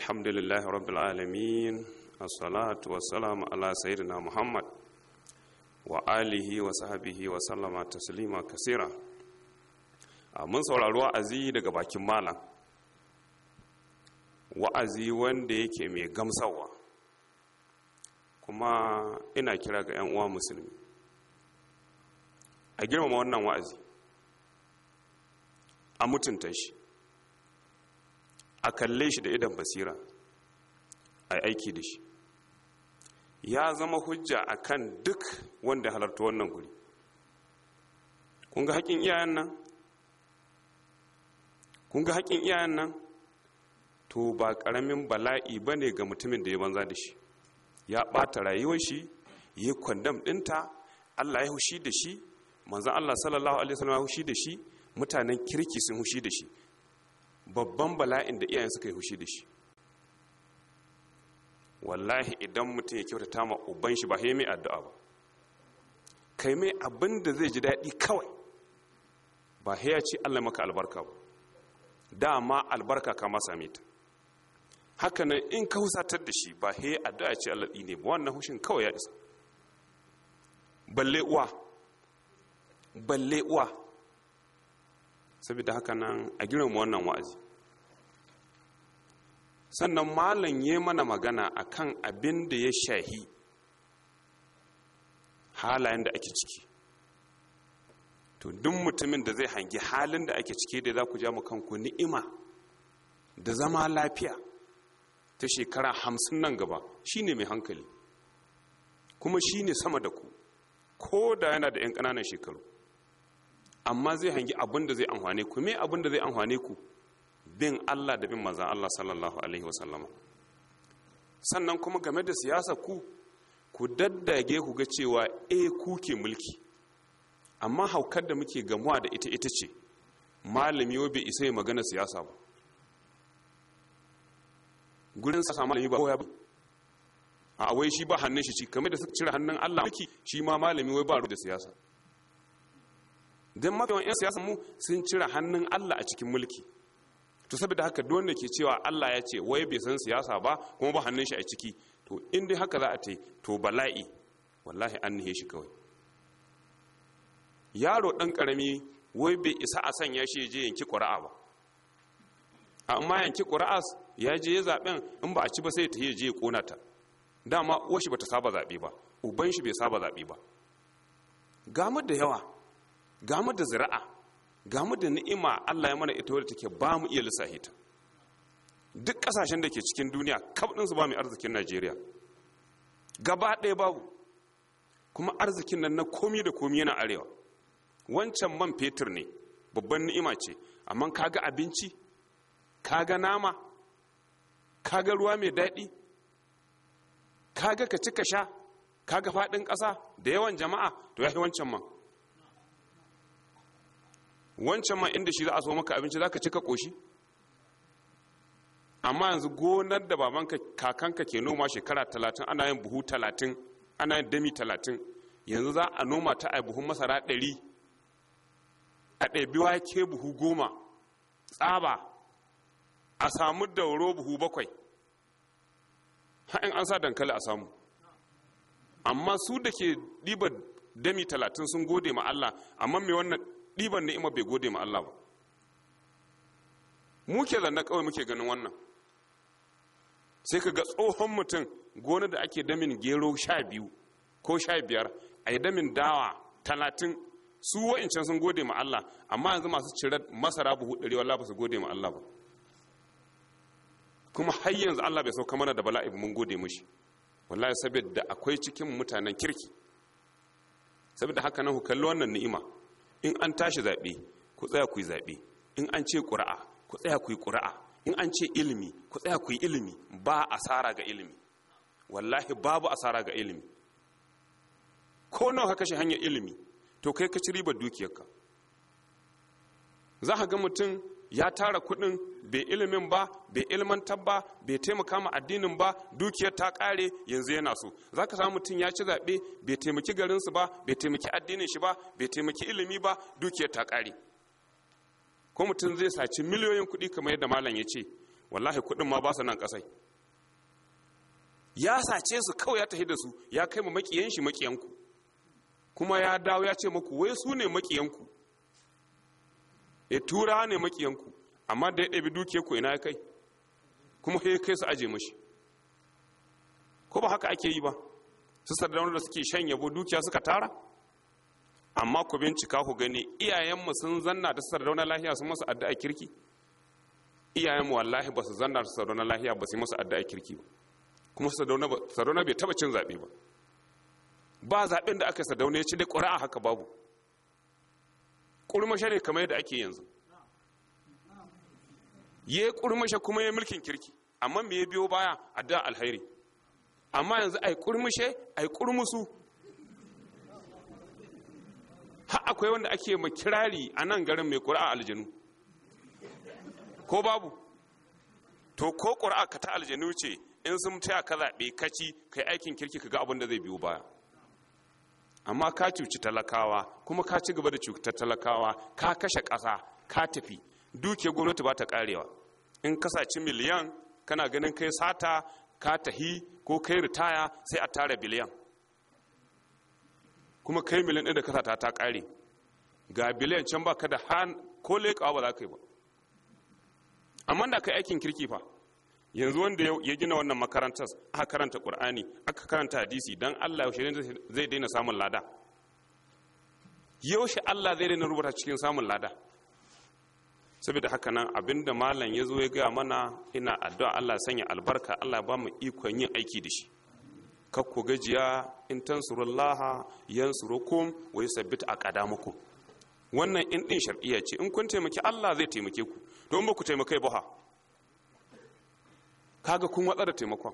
alhamdulillah rabbil alamin assalatu wassalamu ala sayyidina muhammad wa alihi wa sahabihi wa sallama taslima kasira ah, mun saurari wa'azi daga bakin malam wa'azi wanda yake mai gamsarwa kuma ina kira ga 'yan uwa musulmi a girmama wannan wa'azi a mutunta shi a kalle shi da idan basira a aiki da shi ya zama hujja a kan duk wanda halarta wannan guri kunga iyayen nan iyayen nan to ba ƙaramin bala'i ba ne ga mutumin da ya banza da shi ya ɓata rayuwar shi ya kwandam ɗinta allah ya hushi da shi manzan allah sallallahu alaihi wasallam ya hushi da shi mutanen kirki sun hushi da shi babban bala'in da iyayen suka yi hushi da shi wallahi idan mutum ya kyautata ma uban shi ba sai mai addu'a ba kai mai abin da zai ji daɗi kawai ba sai ya ci Allah maka albarka ba dama albarka kama same ta haka nan in ka husatar da shi ba sai addu'a ce Allah ne ba wannan hushin kawai ya isa balle uwa balle uwa saboda haka nan a girma wannan wa'azi sannan malam ya mana magana akan abin da ya shahi halayen da ake ciki to duk mutumin da zai hangi halin da ake ciki da za ku ja mu kanku ni'ima da zama lafiya ta shekara hamsin nan gaba shine mai hankali kuma shine sama da ku ko da yana da 'yan ƙananan shekaru amma zai hangi abin da zai amfane ku me abin da zai amfane ku bin Allah da bin manzon Allah sallallahu alaihi wasallama sannan kuma game da siyasa ku ku daddage ku ga cewa eh ku ke mulki amma haukar da muke gamuwa da ita ita ce malami yau bai isa magana siyasa ba gurin sa malami ba koya ba a wai shi ba hannun shi kamar da suka cire hannun Allah mulki shi ma malami wai ba da siyasa don mafi yawan 'yan siyasa mu sun cire hannun allah a cikin mulki to saboda haka duk wanda ke cewa allah ya ce wai bai san siyasa ba kuma ba hannun shi a ciki to in dai haka za a ta to bala'i wallahi an nihe shi kawai yaro ɗan ƙarami wai bai isa a san ya shi je yanki ƙura'a ba amma yanki ƙura'a ya je ya zaɓen in ba a ci ba sai ta yi je ya ƙona ta dama uwashi ba ta saba zaɓe ba uban shi bai saba zaɓe ba gamar da yawa ga da zira'a ga da ni'ima Allah ya mana ita wadda take ba mu iya lissafi ta duk kasashen da ke cikin duniya kaf su ba mu arzikin Najeriya gaba ɗaya babu kuma arzikin nan na komi da komi yana arewa wancan man fetur ne babban ni'ima ce amma kaga abinci kaga nama kaga ruwa mai daɗi kaga ka ci ka sha kaga faɗin ƙasa da yawan jama'a to ya wancan man wancan ma inda shi za a so maka abinci za ka ci ka ƙoshi amma yanzu gonar da babanka kakanka ke noma shekara talatin ana yin buhu talatin ana yin dami talatin yanzu za a noma ta a buhun masara ɗari a ɗabi wake buhu goma tsaba a samu dauro buhu bakwai ha'in an sa dankali a samu amma su da ke ɗiba dami talatin sun gode ma Allah amma mai wannan ɗiban ni'ima bai gode ma Allah ba mu ke zanna kawai muke ganin wannan sai ka ga tsohon mutum gona da ake damin gero sha biyu ko sha biyar a yi damin dawa talatin su wa'incan sun gode ma Allah amma yanzu masu cire masara buhu ɗari wallah ba su gode ma Allah ba kuma har yanzu Allah bai sauka mana da bala'i mun gode mishi wallahi saboda akwai cikin mutanen kirki saboda haka nan ku kalli wannan ni'ima in an tashi zaɓe ku tsaya ku yi zaɓe in an ce ƙura'a ku tsaya ku yi ƙura'a in an ce ilimi ku tsaya ku yi ilimi ba asara ga ilimi wallahi babu asara ga ilimi ko nawa ka kashe hanyar ilimi to kai ka ci ribar dukiyarka za ka ga mutum ya tara kuɗin bai ilimin ba bai ilmantar ba bai taimaka ma addinin ba dukiyar ta ƙare yanzu yana so za ka samu mutum ya ci zaɓe bai taimaki garinsu ba bai taimaki addinin shi ba bai taimaki ilimi ba dukiyar ta ƙare ko mutum zai saci miliyoyin kuɗi kamar yadda malam ya ce wallahi kuɗin ma ba su nan ƙasai ya sace su kawai ya tafi da su ya kai ma makiyan shi makiyanku kuma ya dawo ya ce muku wai su ne makiyanku e tura ne makiyanku amma da ya ɗabi dukiya ku ina kai kuma ya kai su aje mashi ko ba haka ake yi ba su sardaunar da suke shan yabo dukiya suka tara amma ku bincika ku gani iyayenmu sun zanna da sardaunar lahiya sun masu addu'a kirki iyayenmu wallahi ba su zanna da sardaunar lahiya ba su masu addu'a kirki ba kuma sardauna bai taba cin zaɓe ba ba zaɓen da aka sardauna ya ci da ƙura'a haka babu kurmashe ne kamar yadda ake yanzu ya kurmashe kuma ya mulkin kirki amma me ya biyo baya da alhairi amma yanzu ai a ai kurmusu Ha akwai wanda ake makirari a nan garin mai a aljanu ko babu to ko ƙuri'a ka ta aljanu ce in sun taya ka zaɓe kaci kai aikin kirki ka ga abin da zai biyo baya amma ka cuci talakawa kuma ka ci gaba da cutar talakawa ka kashe ƙasa ka tafi duke gwamnati ba ta karewa in kasace miliyan kana ganin kai sata ka tahi ko kai ritaya sai a tara biliyan kuma kai miliyan ɗin da ka ta kare ga biliyan can ba ka da han ko leƙawa ba za ka yi ba amma da ka aikin kirki fa yanzu wanda ya gina wannan makarantar aka karanta qur'ani aka karanta hadisi don Allah yaushe zai daina samun lada yaushe Allah zai daina rubuta cikin samun lada saboda haka nan abinda malam ya zo ya gaya mana ina addu'a Allah sanya albarka Allah ba mu ikon yin aiki da shi kakku gajiya in tansurullaha yansurukum wa yusabbit aqdamakum wannan in din shar'iyya ce in kun taimaki Allah zai taimake ku don ba ku taimake ba kaga kun watsa da taimakon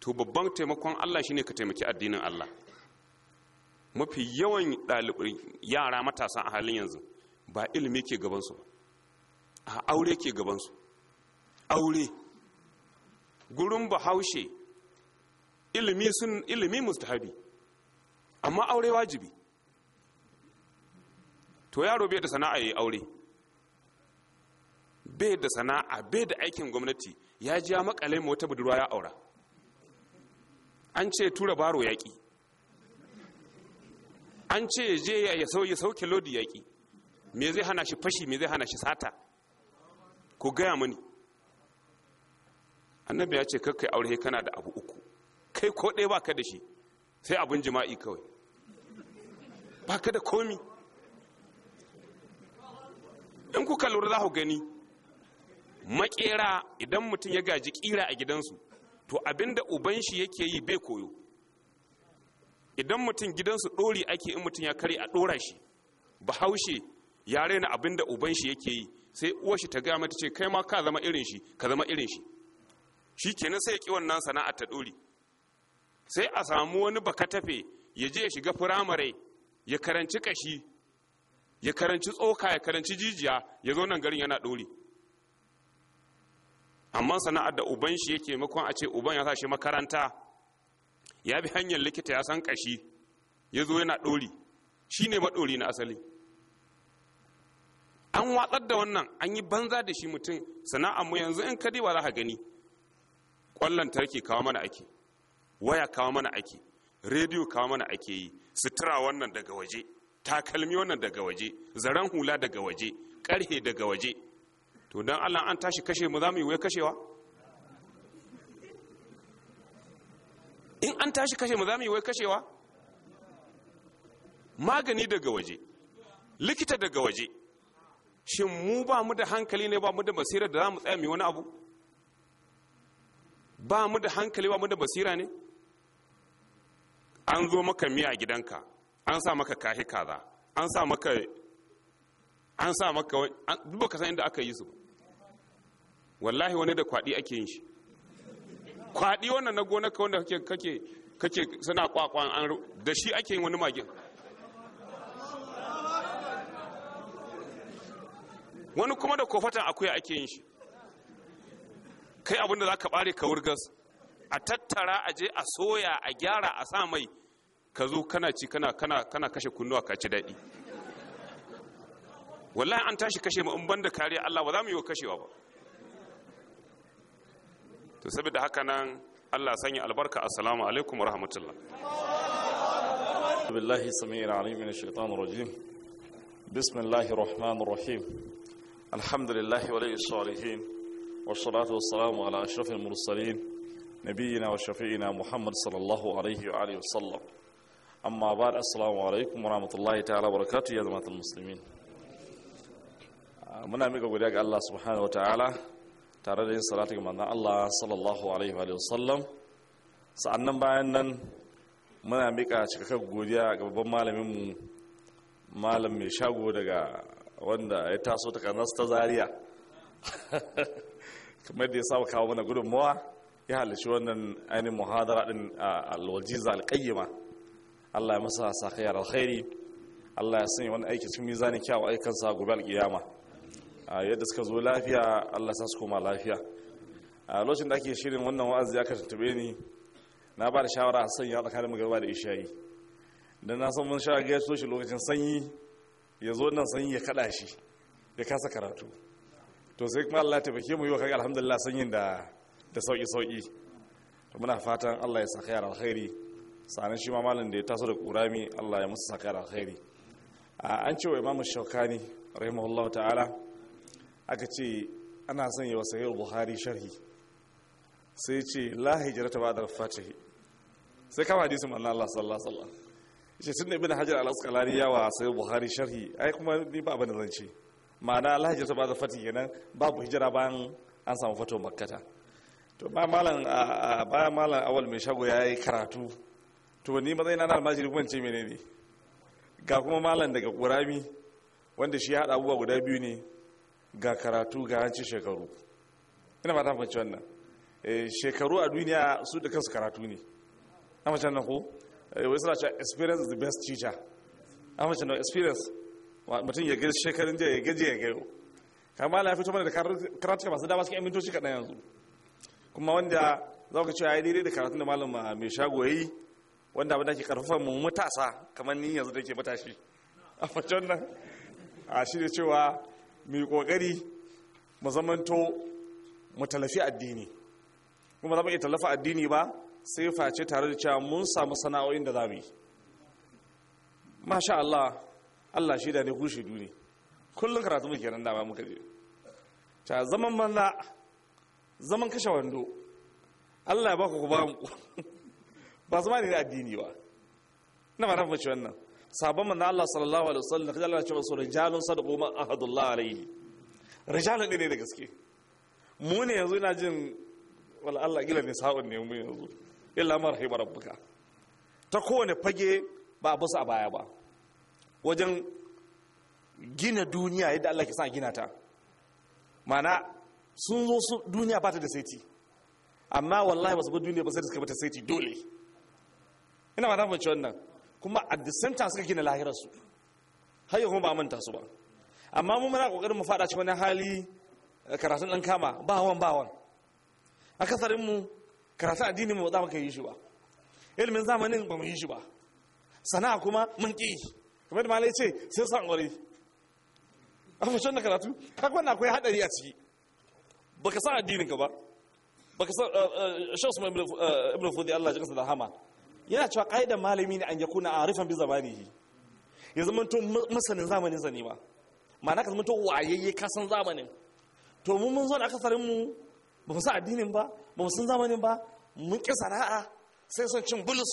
to babban taimakon Allah shine ka taimaki addinin Allah mafi yawan ɗalibai yara matasa a halin yanzu ba ilimi ke gabansu a aure ke gabansu aure gurin bahaushe ilimi sun ilimi mustahabi amma aure wajibi to yaro bai da sana'a yayi aure bai da sana'a bai da aikin gwamnati ya ji ya makale ma wata budurwa ya aura an ce tura baro yaƙi an ce je ya sauke lodi yaƙi me zai hana shi fashi me zai hana shi sata ku gaya mani annabi ya ce kakkai aure kana da abu uku kai ko ɗaya ka da shi sai abin jima'i kawai ba ka da komi in kuka lura za ku gani makera idan mutum ya gaji kira a gidansu to abinda uban shi yake yi bai koyo idan mutum gidansu ɗori ake in mutum ya kare a dora shi bahaushe ya raina abinda uban shi yake yi sai uwar shi ta gaya mata ce kai ma ka zama irin shi ka zama irin shi shi kenan sai ya ki wannan sana'a ta ɗori sai a samu wani baka tafe ya je ya shiga firamare ya karanci kashi ya karanci tsoka ya karanci jijiya ya zo nan garin yana dori amma sana'ar da uban shi yake makon a ce uban ya sa shi makaranta ya bi hanyar likita ya san kashi ya zo yana ɗori shi ne maɗori na asali an watsar da wannan an yi banza da shi mutum sana'ar mu yanzu in ka ba za ka gani ƙwallon tarki kawo mana ake waya kawo mana ake rediyo kawo mana ake yi sutura wannan daga waje takalmi wannan daga waje zaren hula daga waje ƙarhe daga waje to don allah an tashi kashe mu za mu yi wai kashewa in an tashi kashe mu za mu yi wai kashewa magani daga waje likita daga waje shin mu ba mu da hankali ne ba mu da basira da za mu tsaya mai wani abu ba mu da hankali ba mu da basira ne an zo maka miya gidanka an sa maka kahi kaza an sa maka an sa maka duk baka san inda aka yi su wallahi wani da kwaɗi ake yin shi kwaɗi wannan na gona ka wanda kake kake suna kwakwan an da shi ake yin wani magin wani kuma da kofatan akuya ake yin shi kai abinda za ka bare ka wurgas a tattara a je a soya a gyara a sa mai ka zo kana ci kana kana kana kashe kunnuwa ka ci daɗi wallahi an tashi kashe mu in banda kariya Allah ba za mu yi wa kashewa ba to saboda haka nan Allah sanya albarka assalamu alaikum wa rahmatullah billahi samir alim min ash-shaytan ar-rajim bismillahir rahmanir rahim alhamdulillahi wa lahi salihin salatu والصلاة والسلام على أشرف المرسلين نبينا وشفيعنا محمد صلى الله عليه وآله وسلم أما بعد السلام عليكم ورحمة الله تعالى وبركاته يا جماعة muslimin muna mika godiya ga Allah subhanahu wa ta'ala tare da yin salatu ga manzon Allah sallallahu alaihi wa sallam sa'annan bayan nan muna mika cikakken godiya ga babban malamin mu malam mai shago daga wanda ya taso ta kanas ta zaria kamar da ya saba kawo mana gudunmawa ya halarci wannan ainihin muhadara din alwajiza alƙayyama Allah ya masa sakayar alkhairi Allah ya sanya wani aiki cikin mizanin kyawu aikansa gobe alƙiyama a yadda suka zo lafiya allah sa su koma lafiya a lokacin da ake shirin wannan wa'azi aka tuntube ni na ba da shawara a sanya tsakanin magarba da ishayi don na san mun sha ga soshi lokacin sanyi ya zo nan sanyi ya kada shi ya kasa karatu to sai kuma allah taimake mu yau kai alhamdulillah sanyin da da sauki sauki muna fatan allah ya saka yara alkhairi sanin shi ma malin da ya taso da kurami allah ya musu saka yara alkhairi an ce wa imamu shaukani rahimahullahu ta'ala aka ce ana son yawa sahihul buhari sharhi sai ce la hijrata ba da fatihi sai kama hadisin manna Allah sallallahu alaihi wasallam yace tun ibn hajar al-asqalani yawa sahih buhari sharhi ai kuma ni ba abin da zan ce ma'ana la hijrata ba da fatihi kenan babu hijira bayan an samu fatuwar makkata to ba malam ba malam awal mai shago yayi karatu to ni zai na almajiri kuma ce menene ga kuma malam daga ƙurami wanda shi ya hada abubuwa guda biyu ne ga karatu ga hanci shekaru ina ba ta fahimci wannan eh, shekaru a duniya su da kansu karatu ne a mace na ku wai suna cewa experience is the best teacher a mace na experience mutum ya gaji shekarun jiya ya gaji ya gayo kama na fito mana da karatu masu dama cikin amintoci kaɗan yanzu kuma wanda za ka cewa ya daidai da karatun da malam ah, mai shago ya yi wanda abin da ke karfafa mu matasa kamar ni yanzu da ke matashi a facon nan a ah, shi da cewa mai kokari mu zamanto mu talafi addini kuma za mu iya talafa addini ba sai face tare da cewa mun samu sana'o'in da za mu yi masha Allah Allah shi da ne kushe duni kullum karatu muke nan dama muka je ta zaman banza zaman kashe wando Allah ya baku ku ba mu ba zama ne addini ba na ba na mace wannan sabon manzo Allah sallallahu alaihi wasallam kaje Allah ya ce musu rijalun sadaqu ma ahadullah alaihi rijalun ne da gaske mu ne yanzu ina jin wala Allah gila ne sa'un ne mu yanzu illa marhaba rabbuka ta kowane fage ba a busa a baya ba wajen gina duniya yadda Allah ke sa gina ta mana sun zo su duniya ba ta da saiti amma wallahi ba su bi duniya ba sai da suka bi ta saiti dole ina ba ta fahimci wannan kuma a the same time suka gina lahirarsu har yau kuma ba manta su ba amma mu muna kokarin mu fada cikin wani hali eh, karatun dan kama bawan bawan akasarin mu karatu addini mu za mu kai shi ba ilimin zamanin ba mu yi shi ba sana'a kuma mun ki kamar da malai ce sai san aure an fashon da karatu kaga wannan akwai hadari a ciki baka san addinin ka ba baka san eh, eh, shaus ibn fudi Allah ya jinsa da hama yana cewa ƙa'idar malami ne an yakuna arifan bi shi ya zamanto masanin zamanin zane ba ma na ka zamanto wayayye ka san zamanin to mun mun zo da akasarin mu ba mu san addinin ba ba mu san zamanin ba mun ƙi sana'a sai son cin bulus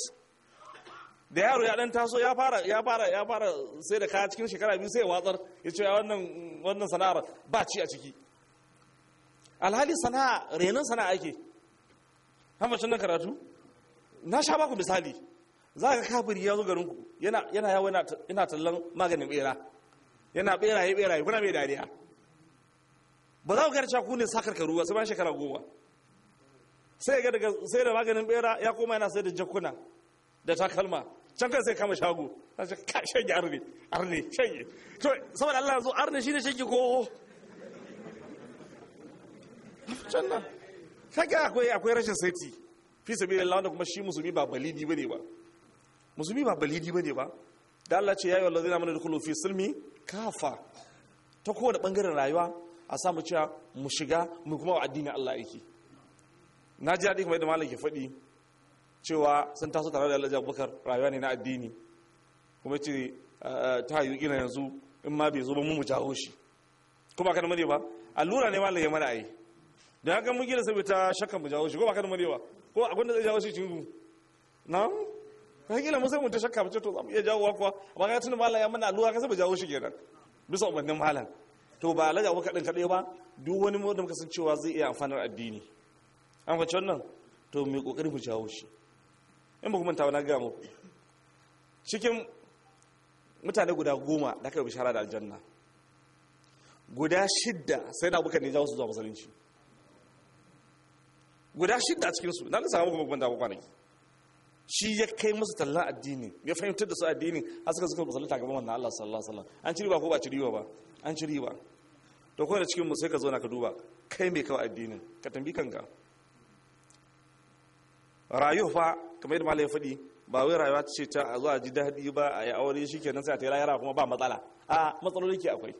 da yaro ya dan taso ya fara ya fara ya fara sai da kaya cikin shekara biyu sai ya watsar ya ce wannan wannan sana'ar ba ci a ciki alhali sana'a renon sana'a ake hamacin nan karatu na sha baku misali za ka kafiri ya zo garinku yana yawo yana tallan maganin bera yana bera bera ya kuna mai dariya ba za ku gara ku ne sakar karu ba sai shekara goma sai ga daga sai da maganin bera ya koma yana sai da jakuna da takalma can kan sai kama shago ta ce ka shanye arne arne shanye to saboda Allah zo arne shine shanye ko can nan kaga akwai rashin saiti fi sabilillah wanda kuma shi musulmi ba balidi ne ba musulmi ba balidi ne ba da Allah ce yayi wallahi da dukulu fi silmi kafa ta kowane bangaren rayuwa a samu cewa mu shiga mu kuma addini Allah aiki na ji hadisi mai da malam ke faɗi cewa sun taso tare da Allah Abubakar rayuwa ne na addini kuma ce ah, ta yi kina yanzu in ma bai zo ba mu mu jawo shi kuma kan mare ba allura ne malam ya mana ai da ga mu gina saboda shakkan mu jawo shi kuma kan mare ba ko abin da zai jawo shi cikin na hakila mun sai ta shakka mace to za mu iya jawo kuwa ba ga tuna malam ya mana alluwa ka saba jawo shi kenan bisa umarnin malam to ba alaja muka din kadai ba duk wani mu da muka san cewa zai iya amfanar addini an faci wannan to mu kokari mu jawo shi in ba kuma ta wani ga muku cikin mutane guda goma da aka yi bishara da aljanna guda shidda sai da buka ne jawo su zuwa musulunci guda shida a cikinsu na nisa muku babban damu kwanaki shi ya kai musu talla addini ya fahimtar da su addini har suka suka musulunta gaban wannan Allah sallallahu alaihi wasallam an ci riba ko ba ci riba ba an ci riba to kowa da cikin mu sai ka zauna ka duba kai me kawai addinin ka tambi kanka rayuwa fa kamar yadda malai faɗi ba wai rayuwa ce ta a zuwa ji daɗi ba a yi aure shi kenan sai a ta yi lahira kuma ba matsala a matsaloli ke akwai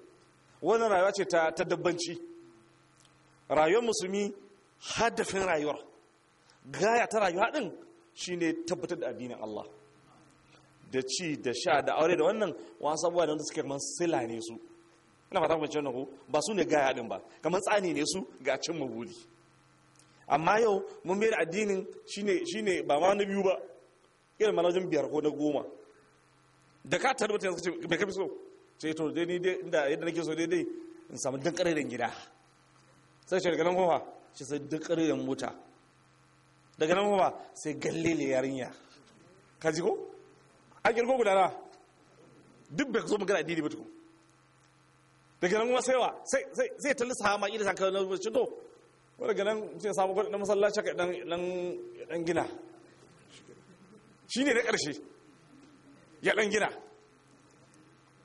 wannan rayuwa ce ta dabbanci rayuwar musulmi hadafin rayuwar gaya ta rayuwa din shine tabbatar da addinin Allah da ci da sha da aure da wannan wasu abubuwa da suke kaman sila ne su ina fata kwanci wannan ko ba su ne gaya din ba kamar tsani ne su ga cin mabuli amma yau mun da addinin shine shine ba ma na biyu ba irin manajin biyar ko na goma da ka tarbata yanzu ce kafi so sai to dai ni dai inda yadda nake so dai dai in samu dan karerin gida sai ce daga nan kuma shi sai duk ƙaryen mota daga nan ba sai galle le yarinya ka ji ko a girgo guda na duk bai zo magana didi mutu daga nan kuma sai wa sai ta lissa hama ida kawai na rubuce to ko daga nan sai samu kwadin masallaci ka dan gina shi ne na ƙarshe ya dan gina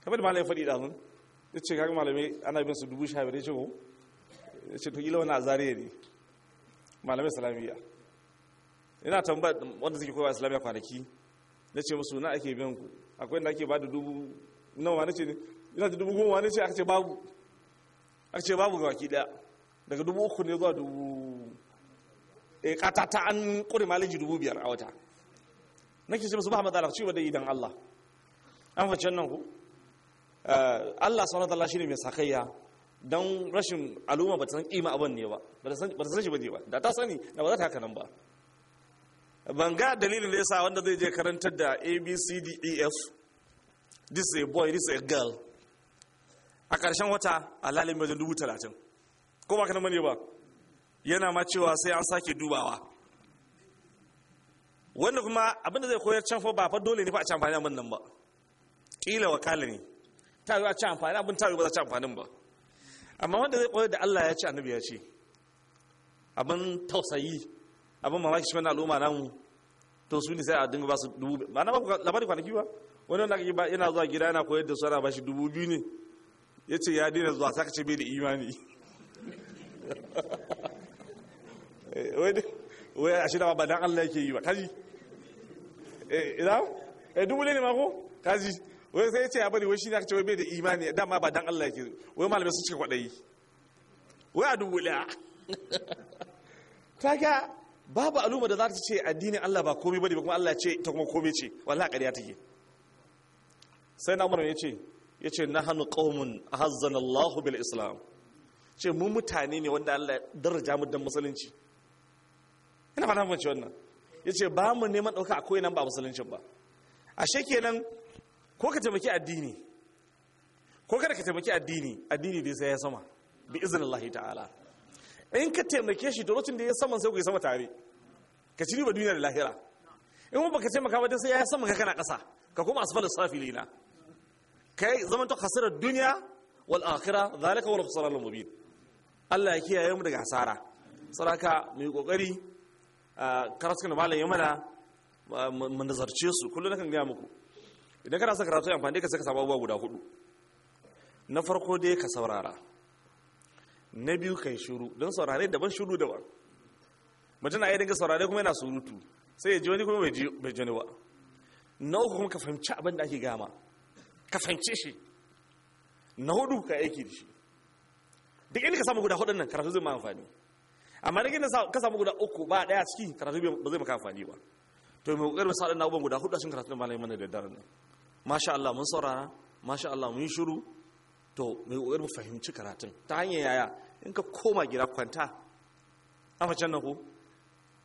kamar da malayin faɗi ɗazun ya ce kaga malamai ana bin su dubu sha biyar ya ce ko oh, ce to gila wani a zare ne malamai islamiyya ina tambar wanda suke kowa islamiyya kwanaki na ce musu na ake biyan ku akwai da ake ba da dubu nawa na ce ne ina da dubu goma ne ce aka ce babu aka ce babu waki daya daga dubu uku ne zuwa dubu a eh, kata ta an kure malaji dubu biyar a wata nake ce musu ba matsala ci ba da idan Allah an facen nan ku eh, Allah subhanahu wa ta'ala mai sakayya don rashin al'umma ba ta san kima abin ne ba ba ta san shi ba ne ba da ta sani na ba za ta haka nan ba ban ga dalilin da ya sa wanda zai je karantar da abcdef this is a boy this is a girl a ƙarshen wata a lalin wajen dubu talatin ko ba kanan mani ba yana ma cewa sai an sake dubawa wanda kuma abinda zai koyar can fa ba fa dole ne fa a ci amfani abin nan ba ƙila wakala ne ta yi a ci amfani abin ta ba za a ci amfanin ba amma wanda zai koyar da Allah ya ce annabi ya ce abin tausayi abin mamaki shi wani al'umma namu to su ne sai a dinga ba su dubu ba na ba labari kwanaki ba wani wanda kake yana zuwa gida yana koyar da su ana ba shi dubu biyu ne ya ce ya daina zuwa ka ce bai da imani wai a da ba dan Allah yake yi ba kaji eh ina eh dubu ne ma ko kaji wai sai ya ce ya bari wai shi ne aka ce wai bai da imani dama ba dan Allah yake wai malamai sun cika kwaɗayi wai a dubula ta ga babu al'umma da za ta ce addinin Allah ba komai bane ba kuma Allah ce ta kuma komai ce wallahi ƙarya take sai na umar ya ce ya ce na hannu ƙaumun a hazzan Allah bil Islam ce mu mutane ne wanda Allah daraja mu dan musulunci ina fata ci wannan ya ce ba mu neman ɗauka a koyi nan ba musulunci ba ashe kenan ko ka taimaki addini ko kada ka taimaki addini addini dai sai ya sama bi iznillahi ta'ala in ka taimake shi da lokacin da ya sama sai ku yi sama tare ka ci riba duniya da lahira in ba ka taimaka ba dai sai ya sama ka kana ƙasa ka kuma asfalus safilina kai zaman to khasirar duniya wal akhirah zalika wal khusran al mubin Allah ya kiyaye mu daga hasara saraka mu yi kokari ah, karatukan da malam ya mana ah, mu nazarce su kullum nakan gaya muku idan kana son karatu amfani ka saka samu abubuwa guda hudu na farko dai ka saurara na biyu kai shuru don saurare daban shuru daban mutum na iya dinga saurare kuma yana surutu sai ya ji wani kuma bai ji ba na uku kuma ka fahimci abin da ake gama ka fahimce shi na hudu ka aiki da shi duk inda ka samu guda hudun nan karatu zai ma amfani amma duk inda ka samu guda uku ba daya ciki karatu ba zai maka amfani ba to mai kokarin sa'adun na abubuwan guda hudu a cikin karatu malamin mana da daren nan masha Allah mun saurara masha Allah mun shiru to mai kokarin mu fahimci karatun ta hanyar yaya in ka koma gida kwanta afa can na ku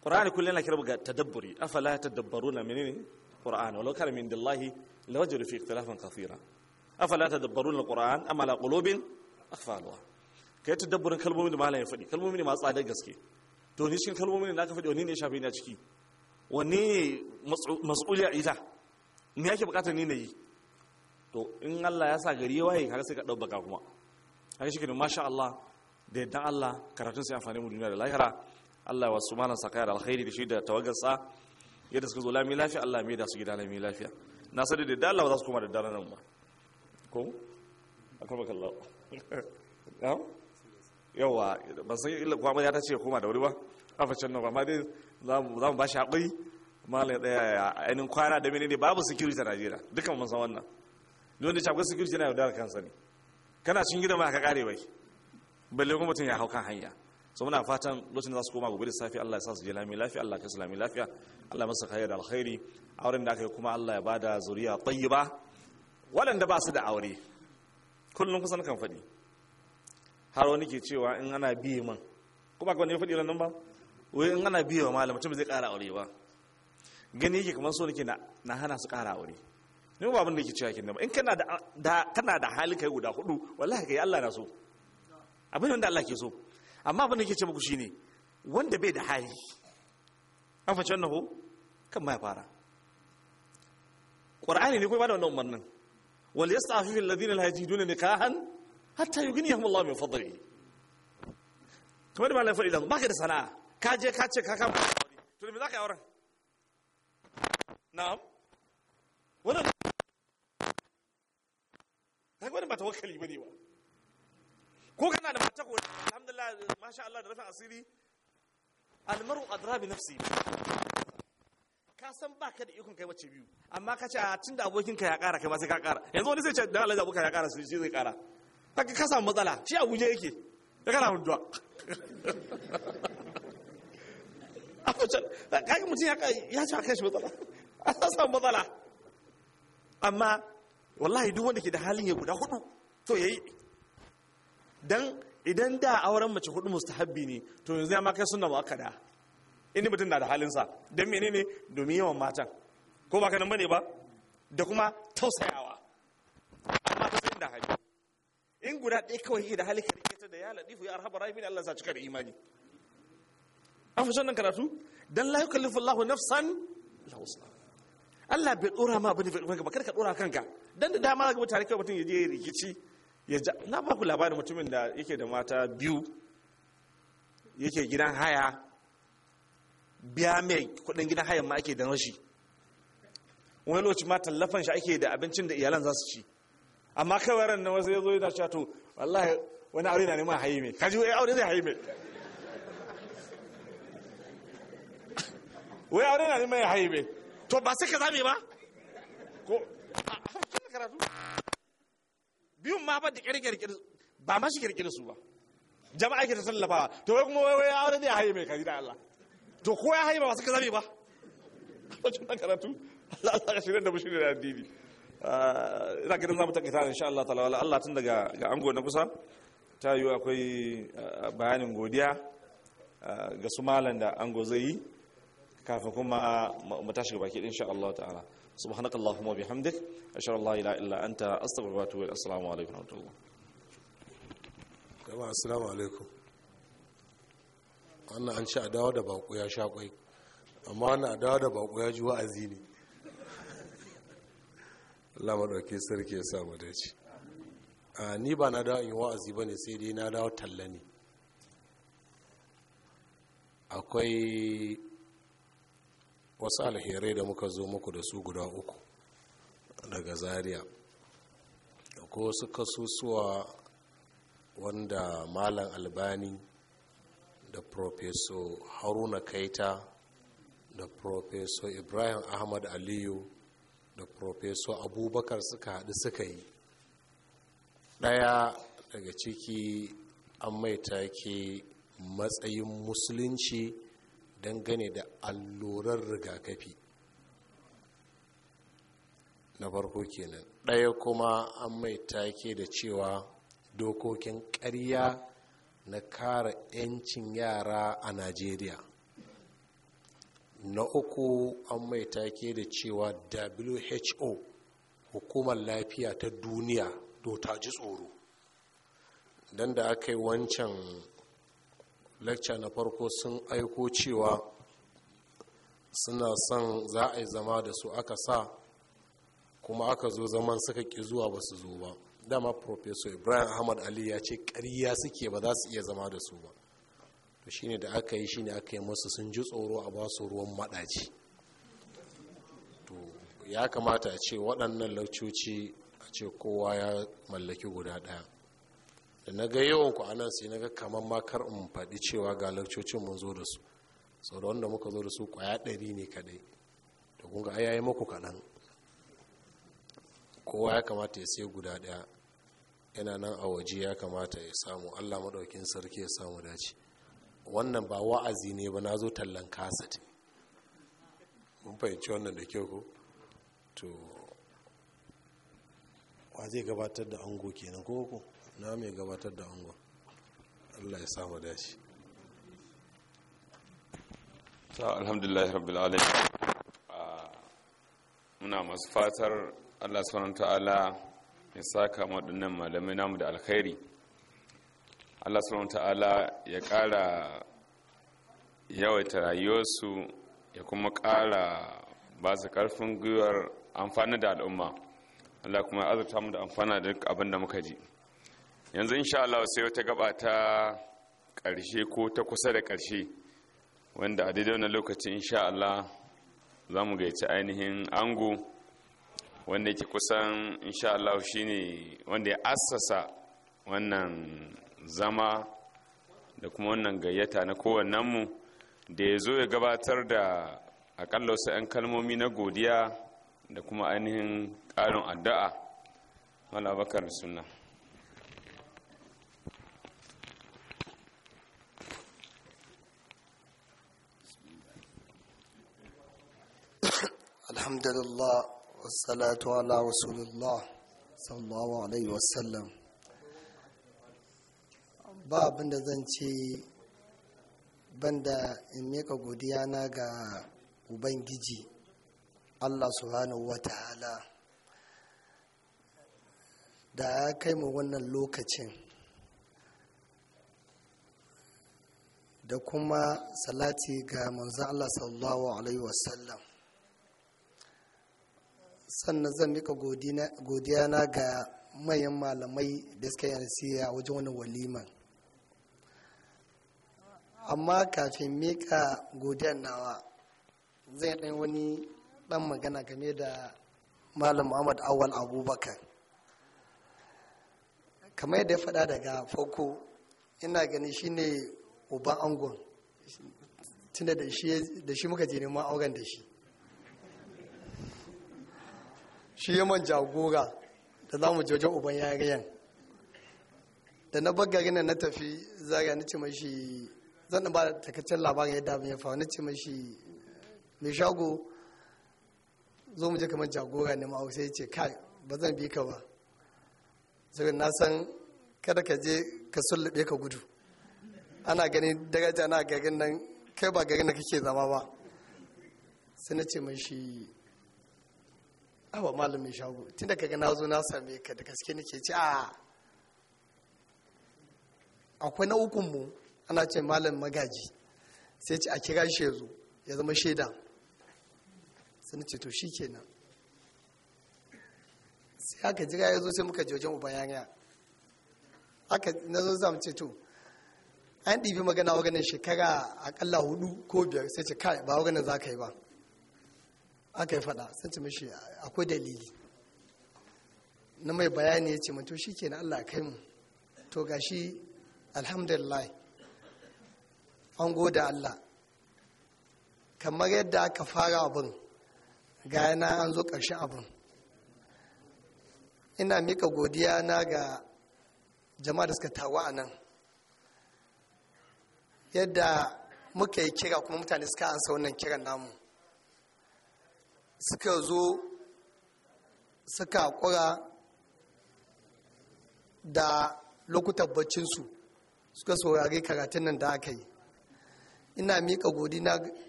qur'ani kullun lakir ga tadabburi afala tadabbaruna menene qur'ani walau kana min dillahi lawajadu fi ikhtilafan kathira afala tadabbaruna alquran amala ala qulubin akhfaluha kai tadabburin kalmomin da malamin faɗi kalmomin ne masu tsadar gaske to ni cikin kalmomin na aka faɗi wani ne ya shafe ni a ciki wani ne mas'uliya ita me yake bukatar ni na yi to in Allah ya sa gari ya waye kaga sai ka dau baka kuma haka shi kenan masha Allah da yadda Allah karatun sai amfani mu duniya da lahira Allah wa subhanahu saka da alkhairi da shi da tawaggarsa yadda suka zo lami lafiya Allah mai da su gida lami lafiya na sadi da Allah za su koma da daren nan ba ko akwai baka yau yawa ban san illa kuma ya ta ce koma da wuri ba kafa can nan ba amma dai za mu ba shi haƙuri malai ɗaya ya ainihin kwana da ne babu security a najeriya dukkan mun san wannan duk wanda shafi security na yaudar kansa ne kana cikin gida ma ka kare bai balle kuma mutum ya hau kan hanya so muna fatan lokacin da za su koma gobe da safi Allah ya sa su je lami lafiya Allah ya su lami lafiya Allah masa khair da alkhairi auren da aka yi kuma Allah ya bada zuriya tayyiba waɗanda ba su da aure kullum kusan kan faɗi har wani ke cewa in ana biye man kuma ka wani ya faɗi nan ba wai in ana biye wa malam mutum zai ƙara aure ba gani yake kamar so nake na hana su ƙara aure ne ba abin da yake cewa kin ba in kana da kana da hali kai guda hudu wallahi kai Allah na so abin wanda Allah ke so amma abin da yake ce muku shine wanda bai da hali an faci wannan ho kan ma ya fara qur'ani ne ko ba da wannan umarnin wal yastafifu alladhina la yajiduna nikahan hatta yughniyahum Allah min fadlihi kamar da malamin fadi da baka da sana'a ka je ka ce ka kama to me zaka yi auren نعم ولا ta wani ba tawakkali bane ba ko kana da mata ko alhamdulillah masha Allah da rafin asiri almaru adra bi nafsi ka san baka da ikon kai wace biyu amma ka ce a tunda abokin ka ya kara kai ba sai ka kara yanzu wani sai ce da Allah abokin ya kara su shi zai kara haka ka samu matsala shi Abuja yake da kana hunduwa a kusa kai mutum ya ci haka shi matsala a san samu matsala amma wallahi duk wanda ke da halin ya guda hudu to ya yi. dan idan da auren mace hudu habbi ne to yanzu ya suna ba aka da inda mutum na da halinsa don menene domin yawan matan ko ba kanan bane ba da kuma tausayawa amma ta tausayin da hali in guda ɗaya kawai yi da hali karkata da ya laɗifu ya arhaba rahimi Allah sa cika da imani an fi shan nan karatu dan la yukallifu Allah nafsan la Allah bai dora ma abin da bai dora ba kar ka dora kanka dan da dama ga mutane kai mutum ya je rikici ya na ba ku labarin mutumin da yake da mata biyu yake gidan haya biya mai kudin gidan hayan ma ake da rashi wani lokaci ma tallafan shi ake da abincin da iyalan za su ci amma kai waran na wasu yazo yana cewa to wallahi wani aure na neman haye mai ji wai aure zai haye mai wai aure na neman haye mai to ba sai ka zame ba ko a karatu biyun ma ba da kirkirkir ba ma shi kirkir su ba jama'a ke ta tallafawa to wai kuma wai wai aure ne ya haye mai kari da Allah to ko ya haye ba sai ka zame ba harkar karatu Allah Allah ya shirya da mu shirya da addini ah, ina gidan zamu mu in insha Allah ta'ala Allah tun daga ga ango na kusa ta yiwu akwai ah, bayanin godiya ah, ga su da ango zai yi kafin kuma mu tashi baki din insha Allah ta'ala subhanakallahumma bihamdik ashhadu an la ilaha illa anta astaghfiruka wa atubu ilaik assalamu alaikum wa rahmatullah jama'a assalamu alaikum wannan an ci a dawo da baƙo ya sha kwai amma wannan a dawo da baƙo ya ji wa'azi ne Allah madauke sarki ya sa mu dace a ni ba na dawo in wa'azi bane sai dai na dawo talla ne akwai wasu alherai da muka zo muku da su guda uku daga zaria ko su kasusuwa wanda malam albani da Profeso haruna kaita da Profeso ibrahim ahmad aliyu da Profeso abubakar suka haɗu suka yi ɗaya daga ciki an mai take matsayin musulunci dangane da allurar rigakafi na farko kenan ɗaya kuma an mai take da cewa dokokin ƙarya na kare 'yancin yara a najeriya na uku an mai take da cewa who hukumar lafiya ta duniya do ta ji tsoro don da aka yi wancan lecture na farko sun aiko cewa suna son za a yi zama da su aka sa kuma aka zo zaman suka ƙi zuwa ba su zo ba dama professor ibrahim ahmad ali ya ce ƙarya suke ba za su iya zama da su ba to shine da aka yi shine aka yi musu sun ji tsoro a ba su ruwan maɗaci to ya kamata a ce waɗannan laucoci a ce kowa ya mallaki guda ɗaya da na ga yawanku a nan sai na ga kamar makar in faɗi cewa ga lakcocin mun zo da su sau da wanda muka zo da su kwaya ɗari ne kaɗai da kunga a yayi muku kaɗan kowa ya kamata ya sai guda ɗaya yana nan a waje ya kamata ya samu allah maɗaukin sarki ya samu dace wannan ba wa'azi ne ba na zo tallan kasat mun fahimci wannan da kyau ko to wa zai gabatar da ango kenan ko ko na mai gabatar da angon allah ya samu dashi ta alhamdulillah rabbil alamin ah, muna masu fatar allah subhanahu ta'ala ya saka waɗannan malamai namu da alkhairi allah subhanahu ta'ala ya ƙara yawaita rayuwarsu ya kuma ƙara ba su ƙarfin gwiwar amfani da al'umma allah kuma ya azurta mu da amfana da duk abin da muka ji yanzu insha Allah sai wata gaba ta ƙarshe ko ta kusa da ƙarshe wanda a daidai wannan lokaci insha Allah za mu gaici ainihin ango wanda yake kusan insha Allah shine wanda ya assasa wannan zama da kuma wannan gayyata na kowannenmu da ya zo ya gabatar da akalla wasu 'yan kalmomi na godiya da kuma ainihin ƙarin addu'a. Mala bakar suna. الحمد لله والصلاة على رسول الله صلى الله عليه وسلم ba abinda da zan ce banda in meka godiya na ga ubangiji allah subhanahu wa ta'ala da ya kai mu wannan lokacin da kuma salati ga manzan allah sallallahu alaihi wasallam sannan zan mika godiya na ga mayan malamai da suka yi nasiya wajen wani walima amma kafin mika godiyar nawa zai ɗan wani ɗan magana game da malam muhammad awal abubakar kamar yadda ya faɗa daga farko ina gani shine uban angon tunda da shi muka je neman auren da shi shi yi man jagora da za mu jojo uban yariyan da na bagari na na tafi zariya na ce mashi zan ba da takaccen labarin yadda abin ya faru na ce mashi mai shago zo mu je kamar jagora ne ma'au sai ce kai ba zan bi ka ba zai na san kada ka je ka sullube ka gudu ana ganin daraja na garin nan kai ba garin da kake zama ba sai na ce mashi awa malamin shago tun da kaga na zo na same ka da gaske nake ci a akwai na mu ana ce malam magaji sai ce a kira shi yazo ya zama shaida sai na ce to shi kenan sai aka jira ya zo sai muka je uba yanya aka na zo za ce to an ɗibi magana ganin shekara akalla hudu ko biyar sai ce kai ba ganin za ka yi ba aka yi faɗa sai ci mashi akwai dalili na mai bayani ya ce mato shi ke na allah kai mu to gashi alhamdulillah an goda allah kamar yadda aka fara abin ga na an zo ƙarshen abin ina mika godiya na ga jama'a da suka tawa a nan yadda muka yi kira kuma mutane suka ansa wannan kiran namu suka zo suka kura da lokutan baccinsu suka saurari karatun nan da aka yi ina miƙa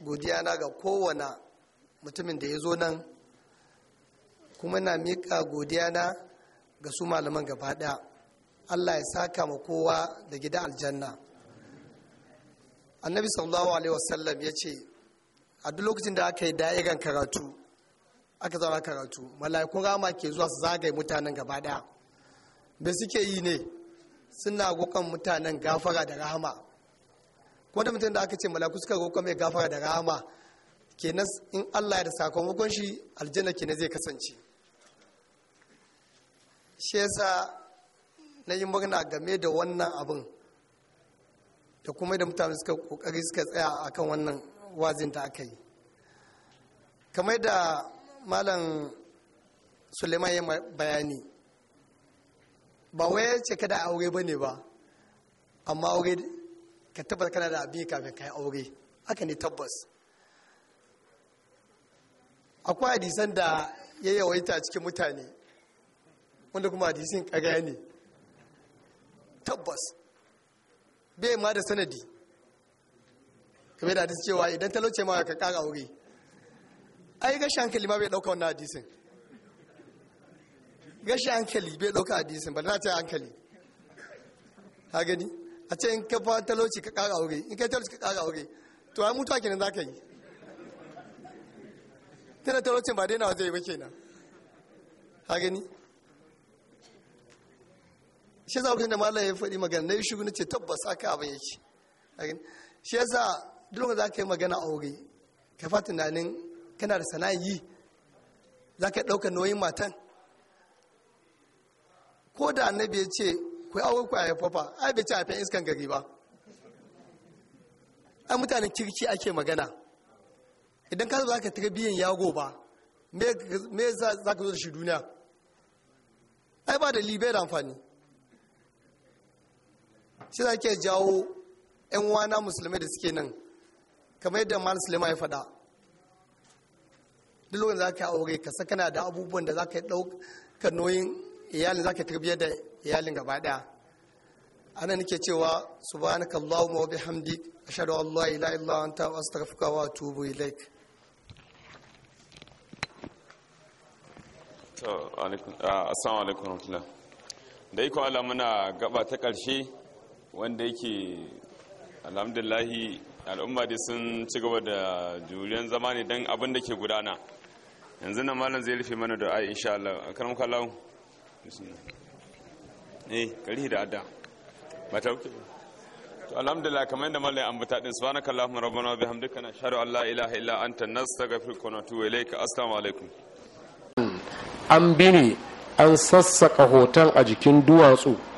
godiya na ga kowane mutumin da ya zo nan kuma na miƙa godiya na ga su malaman gaba ɗaya allah ya saka ma kowa da gida aljanna annabi sallallahu alaihi wasallam ya ce a duk lokacin da aka yi da'iran karatu aka zauna karatu mala'ikun rama ke zuwa su zagaye mutanen gaba daya da suke yi ne suna roƙon mutanen gafara da rahama wanda mutum da aka ce mala'iku suka roƙon mai gafara da rahama kenan in Allah ya da sakamakon shi aljanna kenan zai kasance shi yasa na yi murna game da wannan abin da kuma da mutane suka kokari suka tsaya akan wannan wazin da aka yi kamar da malam suleiman ya bayani ba wai ce kada aure ba ne ba amma aure ka tabbata kana da abin kafin kai aure haka ne tabbas akwai hadisan da ya yawaita cikin mutane wanda kuma hadisin ƙarya ne tabbas bai ma da sanadi kamar da hadis cewa idan talauce ma ka kara aure ai gashi hankali ma bai dauka wannan hadisin gashi hankali bai dauka hadisin ba na ta hankali ha gani a ce in ka fa talauci ka kara aure in ka talauci ka kara aure to ai mutuwa kenan za ka yi tana talaucin ba daina zai ba kenan ha gani shi yasa lokacin da malam ya faɗi magana na yi shugu na ce tabbas haka abin yake shi yasa duk lokacin za ka yi magana aure ka fa tunanin kana da sana'a yi za ka ɗauka nauyin matan ko da annabi ya ce ku awo ku a yafafa ai bai ci a iskan gari ba ai mutanen kirki ake magana idan ka za ka tarbiyyar yago ba me za ka zo da shi duniya ai ba da libe da amfani shi za ke jawo 'yan wana musulmai da suke nan kamar yadda mal sulaiman ya faɗa duk lokacin za ka aure ka sakana da abubuwan da za ka ɗauka noyin iyalin za ka tarbiyyar da iyalin gaba ɗaya ana nake cewa subhanaka allahumma wa bihamdik ashhadu an la ilaha illa anta astaghfiruka wa atubu ilaik to assalamu alaikum rahmatullah da iko Allah muna gaba ta ƙarshe wanda yake alhamdulillahi al'umma dai sun ci gaba da juriyar zama ne don abin da ke gudana yanzu na malam zai rufe mana da ai insha Allah karamu kallahu ne eh, karihi da adda ba ta wuce to alhamdulillah kamar yadda malam ya ambata din subhanakallahumma rabbana wa bihamdika nashhadu an la ilaha illa anta nastaghfiruka wa natubu ilayka assalamu alaikum an bini an sassaka hoton a jikin duwatsu